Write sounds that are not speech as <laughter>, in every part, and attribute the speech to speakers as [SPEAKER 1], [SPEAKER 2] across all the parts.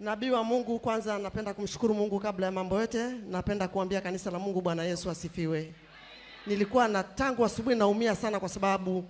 [SPEAKER 1] Nabii wa Mungu, kwanza napenda kumshukuru Mungu kabla ya mambo yote. Napenda kuambia kanisa la Mungu, Bwana Yesu asifiwe. Nilikuwa na tangu asubuhi naumia sana kwa sababu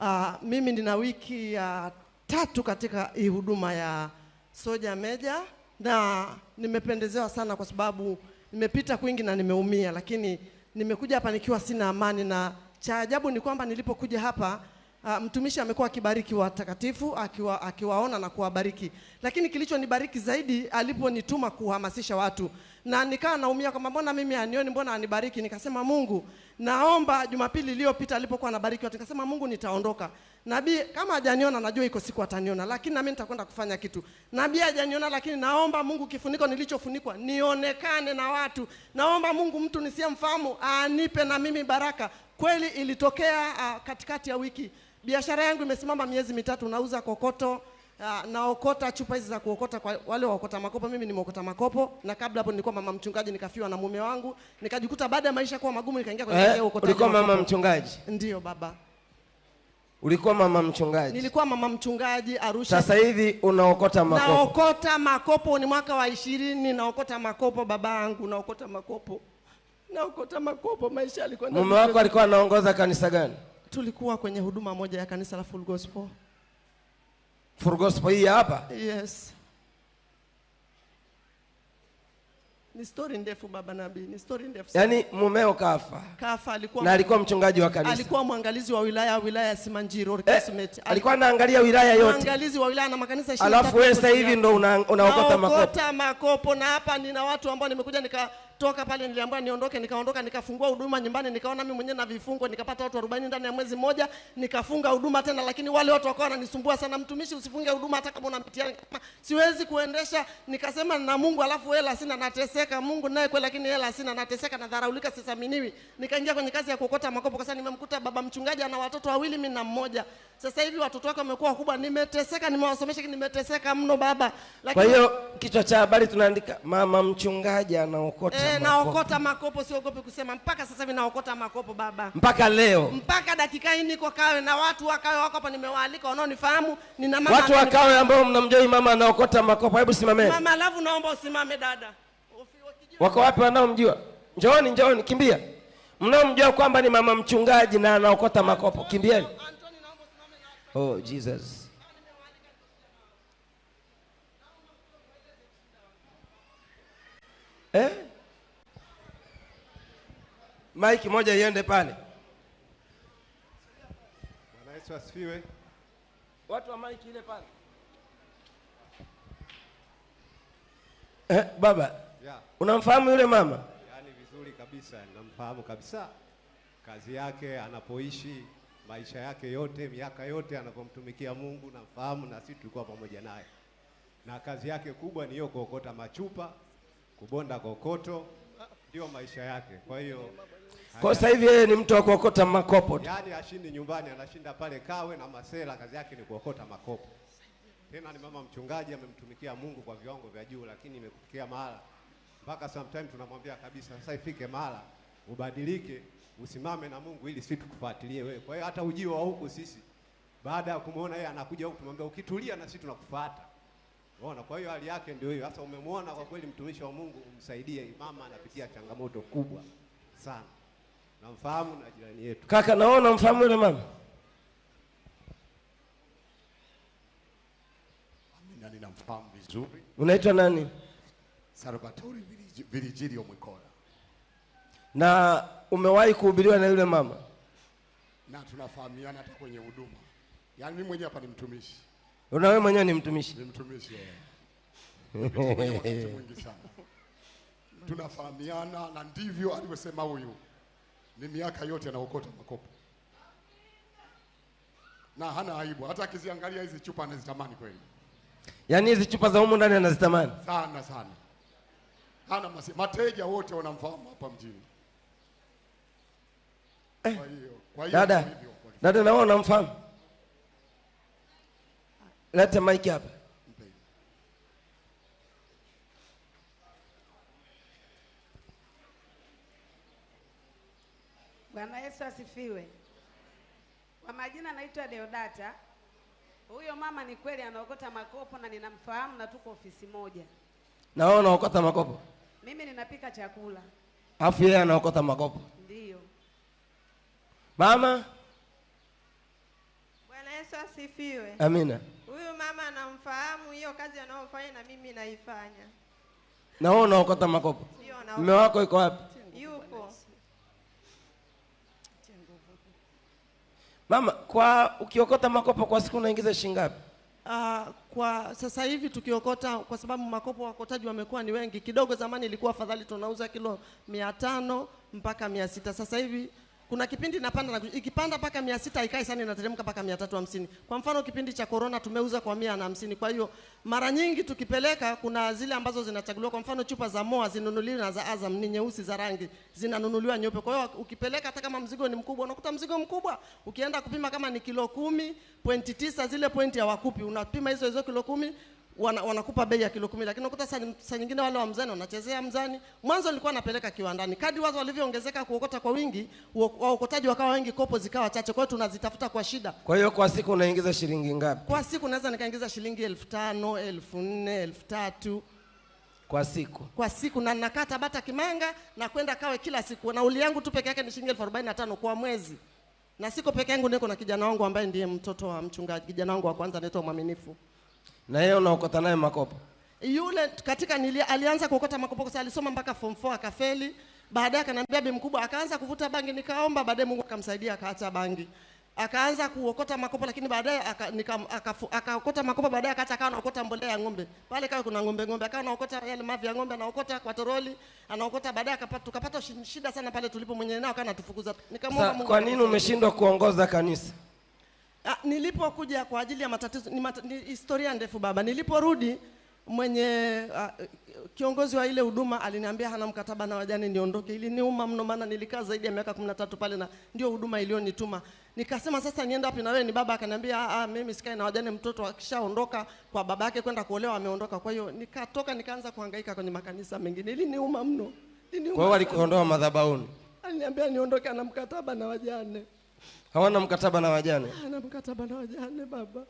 [SPEAKER 1] uh, mimi nina wiki ya uh, tatu katika hii huduma ya Soja Meja na nimependezewa sana kwa sababu nimepita kwingi na nimeumia, lakini nimekuja hapa nikiwa sina amani, na cha ajabu ni kwamba nilipokuja hapa uh, mtumishi amekuwa akibariki watakatifu akiwa, akiwaona na kuwabariki, lakini kilichonibariki zaidi aliponituma kuhamasisha watu, na nikawa naumia kwamba mbona mimi anioni, mbona anibariki. Nikasema Mungu, naomba. Jumapili iliyopita alipokuwa anabariki watu, nikasema Mungu, nitaondoka. Nabii kama hajaniona, najua iko siku ataniona, lakini na mimi nitakwenda kufanya kitu. Nabii hajaniona, lakini naomba Mungu kifuniko nilichofunikwa nionekane na watu. Naomba Mungu mtu nisiyemfahamu anipe na mimi baraka. Kweli ilitokea uh, katikati ya wiki Biashara yangu imesimama miezi mitatu, nauza kokoto Uh, naokota chupa hizi za kuokota kwa wale waokota makopo. Mimi nimeokota makopo, na kabla hapo nilikuwa mama mchungaji, nikafiwa na mume wangu, nikajikuta baada ya maisha kuwa magumu, nikaingia kwenye eh, uokotaji. Ulikuwa
[SPEAKER 2] mama mchungaji?
[SPEAKER 1] Ndio baba.
[SPEAKER 2] Ulikuwa mama mchungaji?
[SPEAKER 1] Nilikuwa mama mchungaji Arusha.
[SPEAKER 2] Sasa hivi unaokota makopo?
[SPEAKER 1] Naokota makopo, ni mwaka wa ishirini, naokota makopo baba yangu, naokota makopo, naokota makopo. Maisha yalikuwa.
[SPEAKER 2] Mume wako alikuwa anaongoza kanisa gani?
[SPEAKER 1] tulikuwa kwenye huduma moja ya kanisa la Full Gospel.
[SPEAKER 2] Full Gospel hii hapa?
[SPEAKER 1] Yes. Ni story ndefu baba nabii, ni story ndefu.
[SPEAKER 2] Yaani mumeo kafa.
[SPEAKER 1] Kafa alikuwa
[SPEAKER 2] na alikuwa mchungaji wa kanisa.
[SPEAKER 1] Alikuwa mwangalizi wa wilaya wilaya ya Simanjiro
[SPEAKER 2] Kasmet. Eh, alikuwa anaangalia wilaya yote.
[SPEAKER 1] Mwangalizi wa wilaya na makanisa 23.
[SPEAKER 2] Alafu wewe sasa hivi ndio unaokota una makopo. Unaokota
[SPEAKER 1] makopo na hapa nina watu ambao nimekuja nika toka pale, niliambiwa niondoke, nikaondoka, nikafungua huduma nyumbani, nikaona mimi mwenyewe na vifungo, nikapata watu 40 ndani ya mwezi mmoja, nikafunga huduma tena, lakini wale watu wakawa wananisumbua sana, mtumishi, usifunge huduma hata kama una mtihani. Kama siwezi kuendesha, nikasema na Mungu, alafu hela sina, nateseka. Mungu naye kweli, lakini hela sina, nateseka, nadharaulika, sisaminiwi. Nikaingia kwenye kazi ya kuokota makopo. kwa sababu nimemkuta baba mchungaji ana watoto wawili, mimi na mmoja. Sasa hivi watoto wake wamekuwa wakubwa, nimeteseka, nimewasomesha, nimeteseka mno baba.
[SPEAKER 2] Lakini kwa hiyo kichwa cha habari tunaandika mama mchungaji anaokota
[SPEAKER 1] naokota makopo, siogopi kusema. Mpaka sasa hivi naokota makopo baba,
[SPEAKER 2] mpaka leo,
[SPEAKER 1] mpaka dakika hii niko Kawe na watu wakawe wako hapa, nimewaalika wanaonifahamu. Nina mama
[SPEAKER 2] watu wakawe ambao mnamjua mama anaokota makopo, hebu simameni
[SPEAKER 1] mama, alafu naomba usimame dada.
[SPEAKER 2] Wako wapi wanaomjua? Njooni, njooni, kimbia mnaomjua kwamba ni mama mchungaji na anaokota makopo, kimbieni. Oh Jesus. Eh? Mike moja iende pale.
[SPEAKER 3] Bwana Yesu asifiwe.
[SPEAKER 1] Watu wa mike ile pale.
[SPEAKER 2] Eh, baba yeah. Unamfahamu yule mama?
[SPEAKER 3] Yaani vizuri kabisa, namfahamu kabisa, kazi yake, anapoishi, maisha yake yote, miaka yote anapomtumikia Mungu, namfahamu na sisi tulikuwa pamoja naye, na kazi yake kubwa ni hiyo, kuokota machupa, kubonda kokoto, ndio maisha yake.
[SPEAKER 2] Kwa hiyo kwa sasa hivi yeye ni mtu wa kuokota makopo tu.
[SPEAKER 3] Yaani ashindi nyumbani, anashinda pale Kawe na Masela, kazi yake ni kuokota makopo. Tena ni mama mchungaji, amemtumikia Mungu kwa viwango vya juu, lakini imekufikia mahala mpaka sometime tunamwambia kabisa, sasa ifike mahala ubadilike, usimame na Mungu ili sisi tukufuatilie wewe. Kwa hiyo hata ujio wa huku sisi baada ya kumuona yeye anakuja huku, tumwambia ukitulia, na sisi tunakufuata. Unaona, kwa hiyo hali yake ndio hiyo. Sasa umemwona kwa kweli, mtumishi wa Mungu, umsaidie. Mama anapitia changamoto kubwa sana namfahamu na jirani yetu.
[SPEAKER 2] Kaka, naona mfahamu yule mama
[SPEAKER 3] Amina, ninamfahamu vizuri.
[SPEAKER 2] Unaitwa nani?
[SPEAKER 3] Salvatore Virgilio Mwikola.
[SPEAKER 2] Na umewahi kuhubiriwa na yule mama?
[SPEAKER 3] Na tunafahamiana hata kwenye huduma, yaani mimi mwenyewe hapa ni mtumishi.
[SPEAKER 2] Una wewe mwenyewe ni mtumishi?
[SPEAKER 3] Ni mtumishi <laughs> wakati mwingi sana tunafahamiana, na ndivyo alivyosema huyu ni miaka yote anaokota makopo na hana aibu, hata akiziangalia hizi chupa anazitamani kweli.
[SPEAKER 2] Yaani hizi chupa za humu ndani anazitamani
[SPEAKER 3] sana sana, hana masi. Mateja wote wanamfahamu hapa mjini
[SPEAKER 2] eh. Kwa hiyo dada, dada na wao wanamfahamu. Leta mike hapa.
[SPEAKER 1] Bwana Yesu asifiwe. Kwa majina naitwa Deodata. Huyo mama ni kweli anaokota makopo na ninamfahamu na tuko ofisi moja.
[SPEAKER 2] Na wewe unaokota makopo?
[SPEAKER 1] Mimi ninapika chakula.
[SPEAKER 2] Afu yeye anaokota makopo. ndio Mama?
[SPEAKER 1] Bwana Yesu asifiwe. Amina. Huyu mama anamfahamu hiyo kazi anayofanya na mimi naifanya.
[SPEAKER 2] Na wewe unaokota makopo? Mume wako yuko wapi? Yuko. Mama, kwa ukiokota makopo kwa siku unaingiza shilingi ngapi?
[SPEAKER 1] Uh, kwa sasa hivi tukiokota, kwa sababu makopo wakotaji wamekuwa ni wengi kidogo. Zamani ilikuwa afadhali tunauza kilo mia tano mpaka mia sita sasa hivi kuna kipindi napanda na ikipanda mpaka mia sita ikae sana, inateremka mpaka mia tatu hamsini. Kwa mfano kipindi cha corona tumeuza kwa mia na hamsini. Kwa hiyo mara nyingi tukipeleka, kuna zile ambazo zinachaguliwa. Kwa mfano chupa za Moa zinunuliwa na za Azam ni nyeusi za rangi, zinanunuliwa nyeupe. Kwa hiyo ukipeleka, hata kama mzigo ni mkubwa, unakuta mzigo mkubwa, ukienda kupima kama ni kilo kumi pointi tisa, zile pointi hawakupi, unapima hizo hizo kilo kumi wana, wanakupa bei ya kilo kumi, lakini unakuta saa nyingine wale wa mzani wanachezea mzani. Mwanzo nilikuwa napeleka kiwandani, kadri wazo walivyoongezeka kuokota kwa wingi, waokotaji wakawa wengi, kopo zikawa chache, kwa hiyo tunazitafuta kwa shida.
[SPEAKER 2] Kwa hiyo kwa siku unaingiza shilingi ngapi?
[SPEAKER 1] Kwa siku naweza nikaingiza shilingi elfu tano elfu nne elfu tatu kwa siku kwa siku, na nakata bata Kimanga na kwenda Kawe kila siku. Nauli yangu tu peke yake ni shilingi elfu arobaini na tano kwa mwezi, na siko peke yangu, niko na kijana wangu ambaye ndiye mtoto wa mchungaji, kijana wangu wa kwanza anaitwa Mwaminifu
[SPEAKER 2] na yeye unaokota naye makopo
[SPEAKER 1] yule katika nilia, alianza kuokota makopo kwa sababu alisoma mpaka form 4 akafeli. Baadaye akanambia bi mkubwa, akaanza kuvuta bangi, nikaomba. Baadaye Mungu akamsaidia akaacha bangi, akaanza kuokota makopo, lakini baadaye akaokota makopo. Baadaye akaacha, akawa anaokota mbolea ya ng'ombe pale, kawa kuna ng'ombe ng'ombe, akawa anaokota yale mavi ya ng'ombe, anaokota kwa toroli, anaokota. Baadaye akapata tukapata shida sana pale tulipo, mwenyewe nao akawa anatufukuza.
[SPEAKER 2] Nikamwomba Mungu, kwa nini umeshindwa kuongoza kanisa?
[SPEAKER 1] Ah, nilipokuja kwa ajili ya matatizo ni, mat, ni historia ndefu baba. Niliporudi mwenye uh, kiongozi wa ile huduma aliniambia hana mkataba na wajane niondoke. Iliniuma mno, maana nilikaa zaidi ya miaka tatu pale na ndio huduma iliyonituma. Nikasema sasa nienda wapi na wewe? Ni baba akaniambia ah, ah, mimi sikae na wajane, mtoto akishaondoka kwa baba yake kwenda kuolewa ameondoka. Kwa hiyo nikatoka nikaanza kuhangaika kwenye makanisa mengine. Iliniuma mno.
[SPEAKER 2] Kwa hiyo alikuondoa madhabahuni.
[SPEAKER 1] Aliniambia niondoke na mkataba na wajane
[SPEAKER 2] hawana mkataba na wajane,
[SPEAKER 1] hawana mkataba na wajane baba.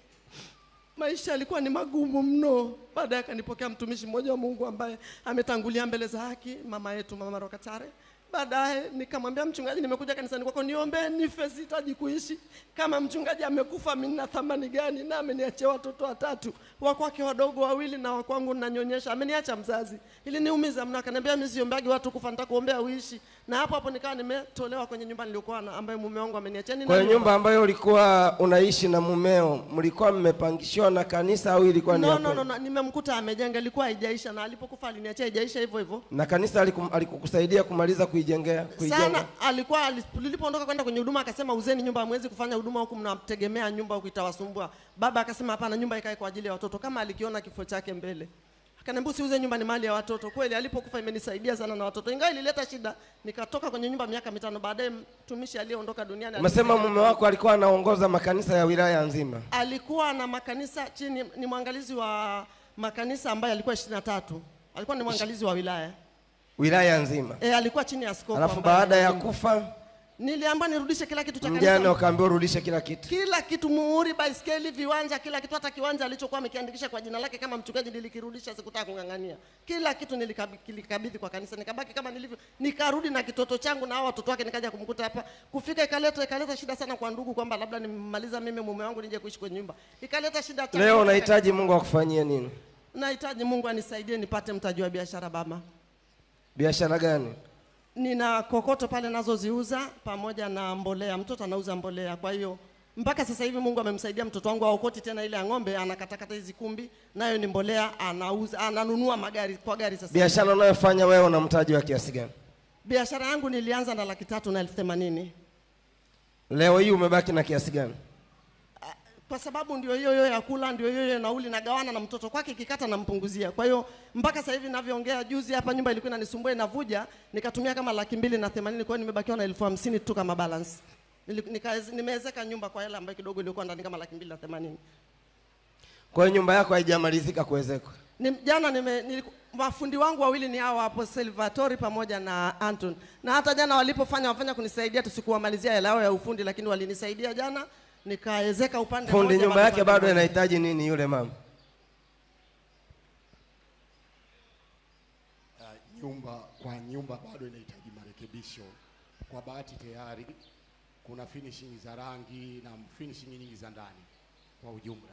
[SPEAKER 1] Maisha yalikuwa ni magumu mno. Baadaye akanipokea mtumishi mmoja wa Mungu ambaye ametangulia mbele za haki, mama yetu, mama Rokatare. Baadaye nikamwambia mchungaji, nimekuja kanisani kwako, niombee nife, sihitaji kuishi. Kama mchungaji amekufa, mimi nina thamani gani? Na ameniachia watoto watatu, wakwake wadogo wawili na wakwangu nanyonyesha Ameniacha mzazi, niumiza mno. Akaniambia, mimi siombagi watu kufa, nitakuombea uishi na hapo hapo nikawa nimetolewa kwenye nyumba nilikuwa na ambayo mume wangu ameniachia. Kwa
[SPEAKER 2] kwenye nyumba ambayo ulikuwa unaishi na mumeo mlikuwa mmepangishiwa na kanisa au ilikuwa ni no,
[SPEAKER 1] no, no, no, nimemkuta amejenga, ilikuwa haijaisha na alipokufa aliniachia haijaisha hivyo hivyo.
[SPEAKER 2] Na kanisa alikukusaidia kumaliza kuijengea
[SPEAKER 1] kuijenga? Sana, alikuwa nilipoondoka kwenda kwenye huduma akasema uzeni nyumba, hamwezi kufanya huduma huku mnategemea nyumba huku itawasumbua. Baba akasema hapana, nyumba ikae kwa ajili ya watoto, kama alikiona kifo chake mbele. Akaniambia usiuze nyumba, ni mali ya watoto. Kweli alipokufa imenisaidia sana na watoto, ingawa ilileta shida. Nikatoka kwenye nyumba miaka mitano baadaye, mtumishi aliyeondoka duniani.
[SPEAKER 2] Umesema mume wako alikuwa anaongoza makanisa ya wilaya nzima?
[SPEAKER 1] Alikuwa na makanisa chini, ni mwangalizi wa makanisa ambaye alikuwa ishirini na tatu, alikuwa ni mwangalizi wa wilaya
[SPEAKER 2] wilaya nzima.
[SPEAKER 1] E, alikuwa chini ya askofu.
[SPEAKER 2] Alafu baada ya kufa
[SPEAKER 1] niliambiwa nirudishe kila kitu cha
[SPEAKER 2] kanisa. Mjane ukaambiwa urudishe kila kitu,
[SPEAKER 1] kila kitu, muhuri, baiskeli, viwanja, kila kitu, hata kiwanja alichokuwa amekiandikisha kwa jina lake kama mchungaji nilikirudisha, sikutaka kung'ang'ania. Kila kitu nilikabidhi kwa kanisa, nikabaki kama nilivyo, nikarudi na kitoto changu na hao watoto wake, nikaja kumkuta hapa. Kufika ikaleta ikaleta shida sana kwa ndugu, kwamba labda nimaliza mimi mume wangu nije kuishi kwenye nyumba, ikaleta shida.
[SPEAKER 2] Leo unahitaji Mungu akufanyie nini?
[SPEAKER 1] Nahitaji Mungu anisaidie nipate mtaji wa biashara. Baba,
[SPEAKER 2] biashara gani?
[SPEAKER 1] nina kokoto pale nazoziuza pamoja na mbolea. Mtoto anauza mbolea, kwa hiyo mpaka sasa hivi Mungu amemsaidia mtoto wangu aokoti tena ile ya ng'ombe, anakatakata hizi kumbi, nayo ni mbolea, anauza ananunua magari kwa gari. Sasa
[SPEAKER 2] biashara unayofanya wewe una mtaji wa kiasi gani?
[SPEAKER 1] Biashara yangu nilianza na laki tatu na elfu themanini.
[SPEAKER 2] Leo hii umebaki na kiasi gani?
[SPEAKER 1] kwa sababu ndio hiyo hiyo ya kula, ndio hiyo hiyo nauli nagawana na mtoto kwake, ikikata nampunguzia. Kwa hiyo mpaka sasa hivi ninavyoongea, juzi hapa nyumba ilikuwa inanisumbua inavuja, nikatumia kama laki mbili na themanini, kwa hiyo nimebakiwa na elfu hamsini tu kama balance. Nimewezeka nyumba kwa hela ambayo kidogo ilikuwa ndani kama laki mbili na themanini.
[SPEAKER 2] Kwa hiyo nyumba yako haijamalizika kuwezekwa?
[SPEAKER 1] Ni, jana nime ni, mafundi wangu wawili ni hao hapo Salvatore pamoja na Anton, na hata jana walipofanya wafanya kunisaidia, tusikuwamalizia hela yao ya ufundi, lakini walinisaidia jana nikaezeka upande
[SPEAKER 2] fundi nyumba yake bado inahitaji nini yule mama?
[SPEAKER 3] Uh, nyumba kwa nyumba bado inahitaji marekebisho. Kwa bahati tayari kuna finishing za rangi na finishing nyingi za ndani kwa ujumla.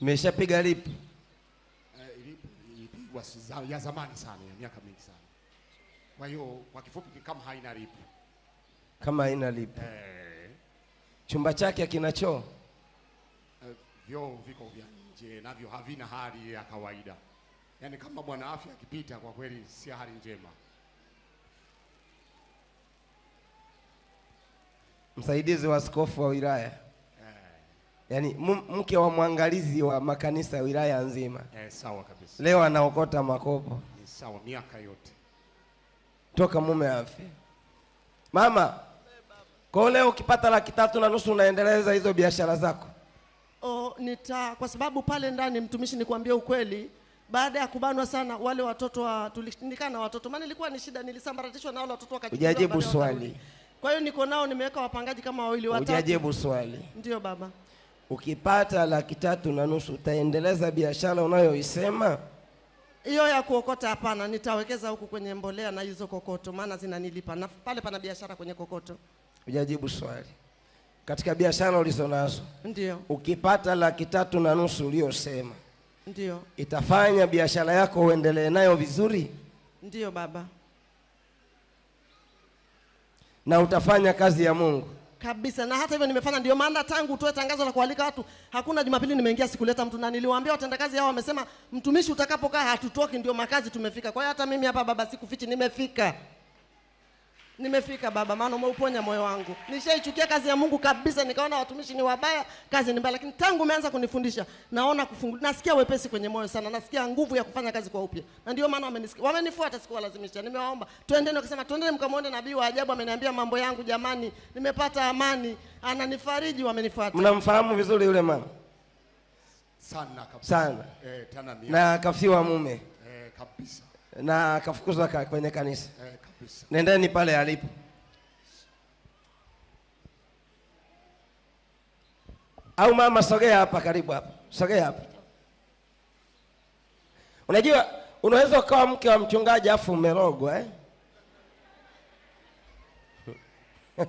[SPEAKER 2] Mmeshapiga lipu?
[SPEAKER 3] Uh, eh, ya zamani sana, ya miaka mingi sana. Kwa hiyo kwa kifupi, kama haina lipu
[SPEAKER 2] kama haina lipo
[SPEAKER 3] eh.
[SPEAKER 2] Chumba chake kina choo
[SPEAKER 3] vyoo viko vya nje navyo havina hali ya kawaida, yaani kama bwana afya akipita, kwa kweli si hali njema.
[SPEAKER 2] Msaidizi wa askofu wa wilaya eh. Yaani mke wa mwangalizi wa makanisa ya wilaya nzima
[SPEAKER 3] eh, sawa kabisa.
[SPEAKER 2] Leo anaokota makopo
[SPEAKER 3] ni sawa, miaka yote
[SPEAKER 2] toka mume afya mama kwa leo ukipata laki tatu na nusu unaendeleza hizo biashara zako?
[SPEAKER 1] Oh, nita kwa sababu pale ndani mtumishi, nikwambie ukweli, baada ya kubanwa sana wale watoto wa, tulishindikana watoto, maana ilikuwa ni shida, nilisambaratishwa na wale watoto wakati.
[SPEAKER 2] Hujajibu swali.
[SPEAKER 1] Kwa hiyo niko nao nimeweka wapangaji kama wawili watatu.
[SPEAKER 2] Hujajibu swali. Ndio baba. Ukipata laki tatu na nusu utaendeleza biashara unayoisema
[SPEAKER 1] hiyo ya kuokota? Hapana, nitawekeza huku kwenye mbolea na hizo kokoto, maana zinanilipa na pale pana biashara kwenye kokoto.
[SPEAKER 2] Hujajibu swali. Katika biashara ulizonazo, ndio ukipata laki tatu na nusu uliyosema, ndio itafanya biashara yako uendelee nayo vizuri?
[SPEAKER 1] Ndio baba.
[SPEAKER 2] Na utafanya kazi ya Mungu
[SPEAKER 1] kabisa na hata hivyo nimefanya. Ndio maana tangu utoe tangazo la kualika watu, hakuna Jumapili nimeingia sikuleta mtu, na niliwaambia watendakazi hao, wamesema mtumishi, utakapokaa hatutoki. Ndio makazi tumefika. Kwa hiyo hata mimi hapa baba, sikufichi, nimefika nimefika baba, maana umeuponya moyo wangu. Nishaichukia kazi ya Mungu kabisa, nikaona watumishi ni wabaya, kazi ni mbaya, lakini tangu umeanza kunifundisha naona kufungu, nasikia wepesi kwenye moyo sana, nasikia nguvu ya kufanya kazi kwa upya, na ndio maana wamenisikia, wamenifuata, sikuwalazimisha. Nimewaomba twendeni, wakasema twendeni mkamwone nabii wa ajabu, ameniambia mambo yangu. Jamani, nimepata amani, ananifariji. Wamenifuata.
[SPEAKER 2] Mnamfahamu vizuri yule mama
[SPEAKER 3] sana kabisa sana, eh, tena
[SPEAKER 2] na kafiwa mume
[SPEAKER 3] eh, kabisa
[SPEAKER 2] na akafukuzwa kwenye kanisa eh, kabisa. Nendeni pale alipo. Au mama, sogea hapa karibu hapa, sogea hapa. Unajua unaweza ukawa mke wa mchungaji afu umerogwa eh? <laughs>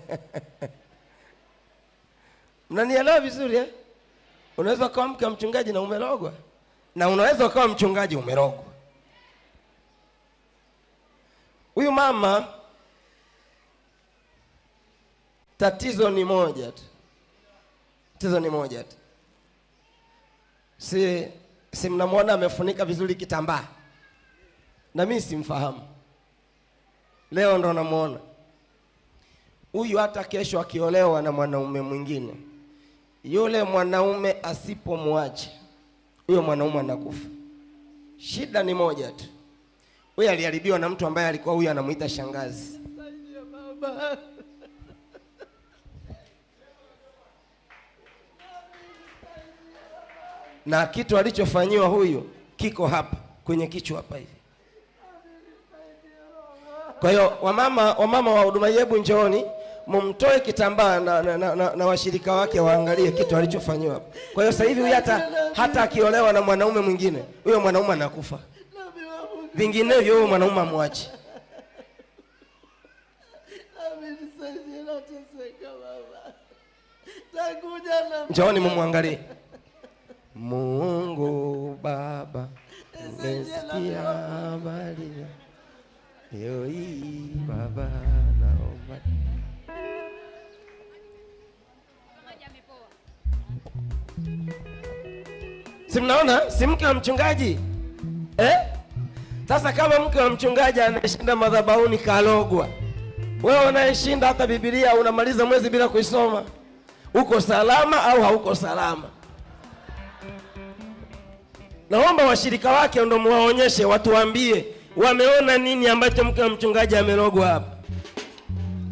[SPEAKER 2] mnanielewa vizuri eh? Unaweza ukawa mke wa mchungaji na umerogwa, na unaweza ukawa mchungaji umerogwa Huyu mama tatizo ni moja tu, tatizo ni moja tu, si si mnamwona amefunika vizuri kitambaa, na mimi simfahamu, leo ndo namwona huyu. Hata kesho akiolewa na mwanaume mwingine, yule mwanaume asipomwacha huyo mwanaume anakufa. Shida ni moja tu Huyu aliharibiwa na mtu ambaye alikuwa huyu anamuita shangazi. Na kitu alichofanyiwa huyu kiko hapa kwenye kichwa hapa hivi. Kwa hiyo wamama, wamama wa huduma yebu, njooni mumtoe kitambaa na, na, na, na washirika wake waangalie kitu alichofanyiwa hapa. Kwa hiyo sasa hivi huyu hata hata akiolewa na mwanaume mwingine, huyo mwanaume anakufa vinginevyo huyo mwanaume amwache njooni mumwangalie mungu baba umesikia habari yo hii baba naomba si mnaona si wa mchungaji eh? Sasa kama mke wa mchungaji anayeshinda madhabahuni kalogwa, wewe unayeshinda hata Biblia unamaliza mwezi bila kuisoma, uko salama au hauko salama? Naomba washirika wake ndio muwaonyeshe, watuambie wameona nini ambacho mke wa mchungaji amelogwa hapa.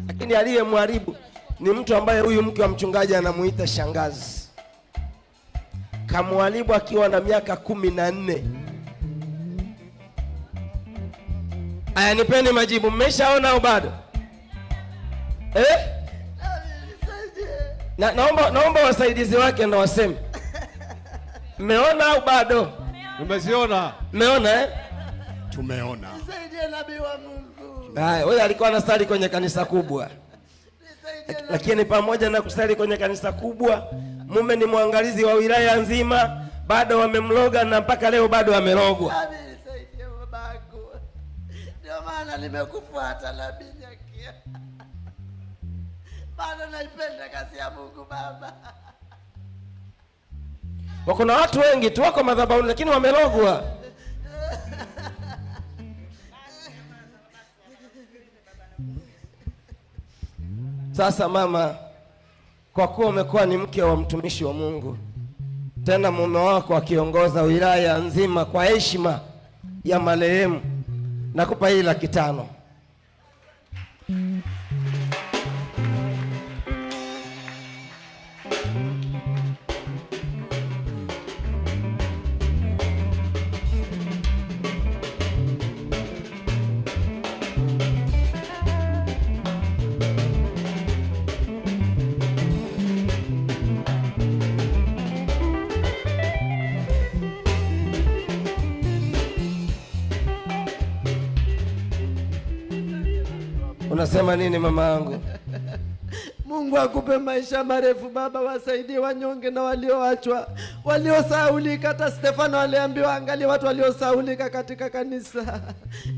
[SPEAKER 2] Lakini aliyemharibu ni mtu ambaye huyu mke wa mchungaji anamuita shangazi, kamwaribu akiwa na miaka kumi na nne. Aya, nipeni majibu, mmeshaona au bado eh? Na, naomba naomba wasaidizi wake na waseme mmeona au bado?
[SPEAKER 3] Mmeziona? Mmeona eh? Tumeona.
[SPEAKER 2] Haya, wewe alikuwa anasali kwenye kanisa kubwa, lakini pamoja na kusali kwenye kanisa kubwa, mume ni mwangalizi wa wilaya nzima, bado wamemloga na mpaka leo bado wamerogwa.
[SPEAKER 1] Bwana, nimekufuata na bado naipenda kazi ya Mungu Baba.
[SPEAKER 2] Wakuna watu wengi tu wako madhabahuni lakini wamelogwa. Sasa mama, kwa kuwa umekuwa ni mke wa mtumishi wa Mungu, tena mume wako akiongoza wilaya nzima kwa heshima ya marehemu nakupa hii laki tano. Unasema nini mama yangu?
[SPEAKER 1] Mungu akupe maisha marefu baba, wasaidie wanyonge na walioachwa waliosaulika. Hata Stefano aliambiwa angalia watu waliosaulika katika kanisa.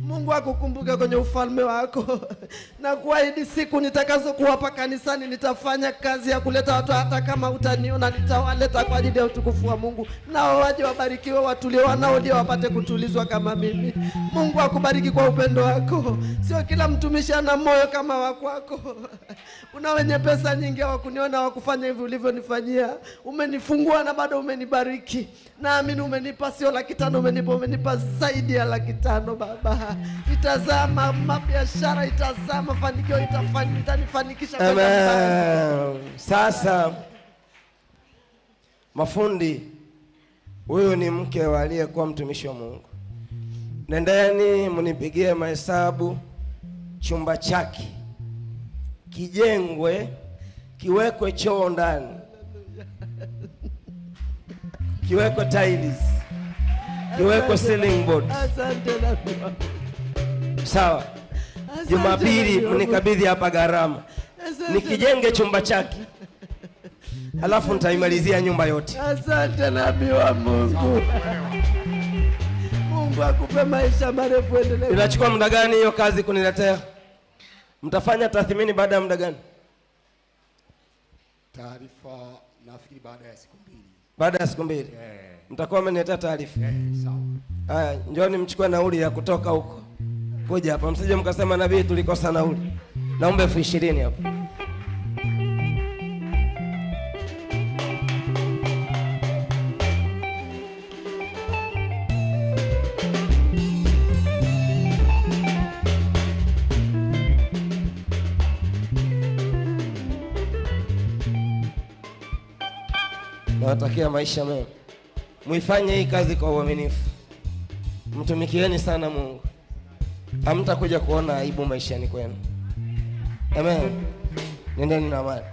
[SPEAKER 1] Mungu akukumbuke kwenye ufalme wako, na kuahidi siku nitakazokuwapa kanisani nitafanya kazi ya kuleta watu, hata kama utaniona nitawaleta kwa ajili ya utukufu wa Mungu, nao waje wabarikiwe, watulie, wanaolia wapate kutulizwa kama mimi. Mungu akubariki kwa upendo wako. Sio kila mtumishi ana moyo kama wakwako. Una wenye pesa nyingi hawakuniona hawakufanya hivi ulivyonifanyia. Umenifungua na bado ume umenibariki, naamini umenipa sio laki tano, umenipa umenipa zaidi ya laki tano Baba. Itazama mabiashara, itazama mafanikio, itanifanikisha
[SPEAKER 2] sasa. Mafundi, huyu ni mke wa aliyekuwa mtumishi wa Mungu. Nendeni mnipigie mahesabu, chumba chake kijengwe, kiwekwe choo ndani kiweko tiles, kiweko ceiling board.
[SPEAKER 1] Asante
[SPEAKER 2] Sawa, Jumapili mnikabidhi hapa gharama, nikijenge chumba chake halafu nitaimalizia nyumba yote.
[SPEAKER 1] Asante nabii wa Mungu. Mungu akupe maisha marefu, endelee.
[SPEAKER 2] Inachukua muda gani hiyo kazi kuniletea? Mtafanya tathmini baada ya muda gani?
[SPEAKER 3] Taarifa nafikiri baada ya siku
[SPEAKER 2] baada ya siku mbili eh. mtakuwa mmeniletea taarifa. Eh, Haya, njoni mchukue nauli ya kutoka huko kuja hapa, msije mkasema nabii tulikosa nauli. Naomba elfu ishirini hapa. kutakia maisha mema. Muifanye hii kazi kwa uaminifu, mtumikieni sana Mungu, hamtakuja kuona aibu maishani kwenu. Amen, nendeni na amani.